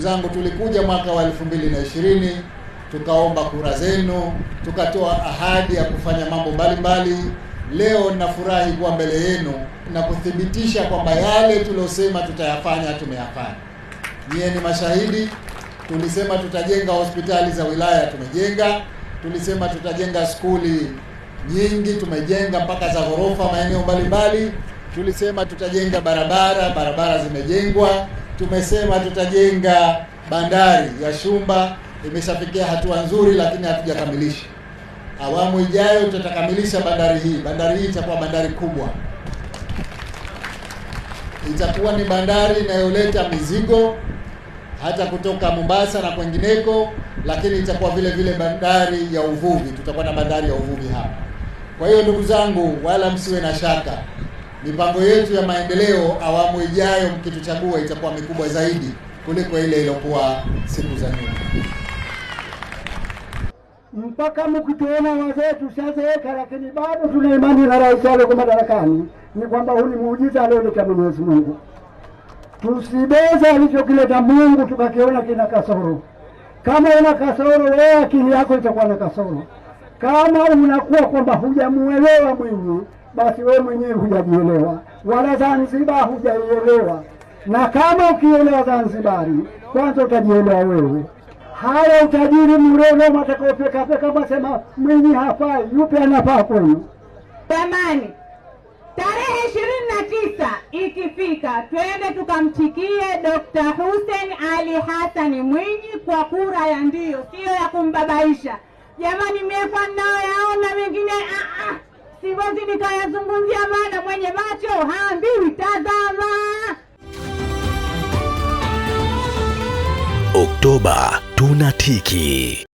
ndugu zangu, tulikuja mwaka wa elfu mbili na ishirini tukaomba kura zenu, tukatoa ahadi ya kufanya mambo mbalimbali. Leo ninafurahi kuwa mbele yenu na kuthibitisha kwamba yale tuliosema tutayafanya tumeyafanya. Nyie ni mashahidi. Tulisema tutajenga hospitali za wilaya, tumejenga. Tulisema tutajenga skuli nyingi, tumejenga mpaka za ghorofa maeneo mbalimbali. Tulisema tutajenga barabara, barabara zimejengwa tumesema tutajenga bandari ya Shumba, imeshafikia hatua nzuri, lakini hatujakamilisha. Awamu ijayo tutakamilisha bandari hii. Bandari hii itakuwa bandari kubwa, itakuwa ni bandari inayoleta mizigo hata kutoka Mombasa na kwengineko, lakini itakuwa vile vile bandari ya uvuvi. Tutakuwa na bandari ya uvuvi hapa. Kwa hiyo ndugu zangu, wala msiwe na shaka mipango yetu ya maendeleo awamu ijayo mkituchagua itakuwa mikubwa zaidi kuliko ile iliyokuwa siku za nyuma. Mpaka mkituona wazee tushazeeka, lakini bado tuna imani na rais aliyoko madarakani, ni kwamba huu ni muujiza alioleta Mwenyezi Mungu. Tusibeza alichokileta Mungu tukakiona kina kasoro. Kama una kasoro wewe, akili yako itakuwa na kasoro. Kama unakuwa kwamba hujamuelewa Mwinyi basi wewe mwenyewe hujajielewa, wala Zanzibar hujaielewa. Na kama ukielewa Zanzibari, kwanza utajielewa wewe. Haya utajiri mroro matakaopekapeka masema mwenye hafai, yupi anafaa kwenu? Jamani, tarehe ishirini na tisa ikifika, twende tukamchikie Dokta Hussein Ali Hassan Mwinyi kwa kura ya ndio, sio ya kumbabaisha. Jamani, miekwa nao yaona mengine ah, ah siwezi nikayazungumzia, maana mwenye macho haambiwi tazama. Oktoba tunatiki.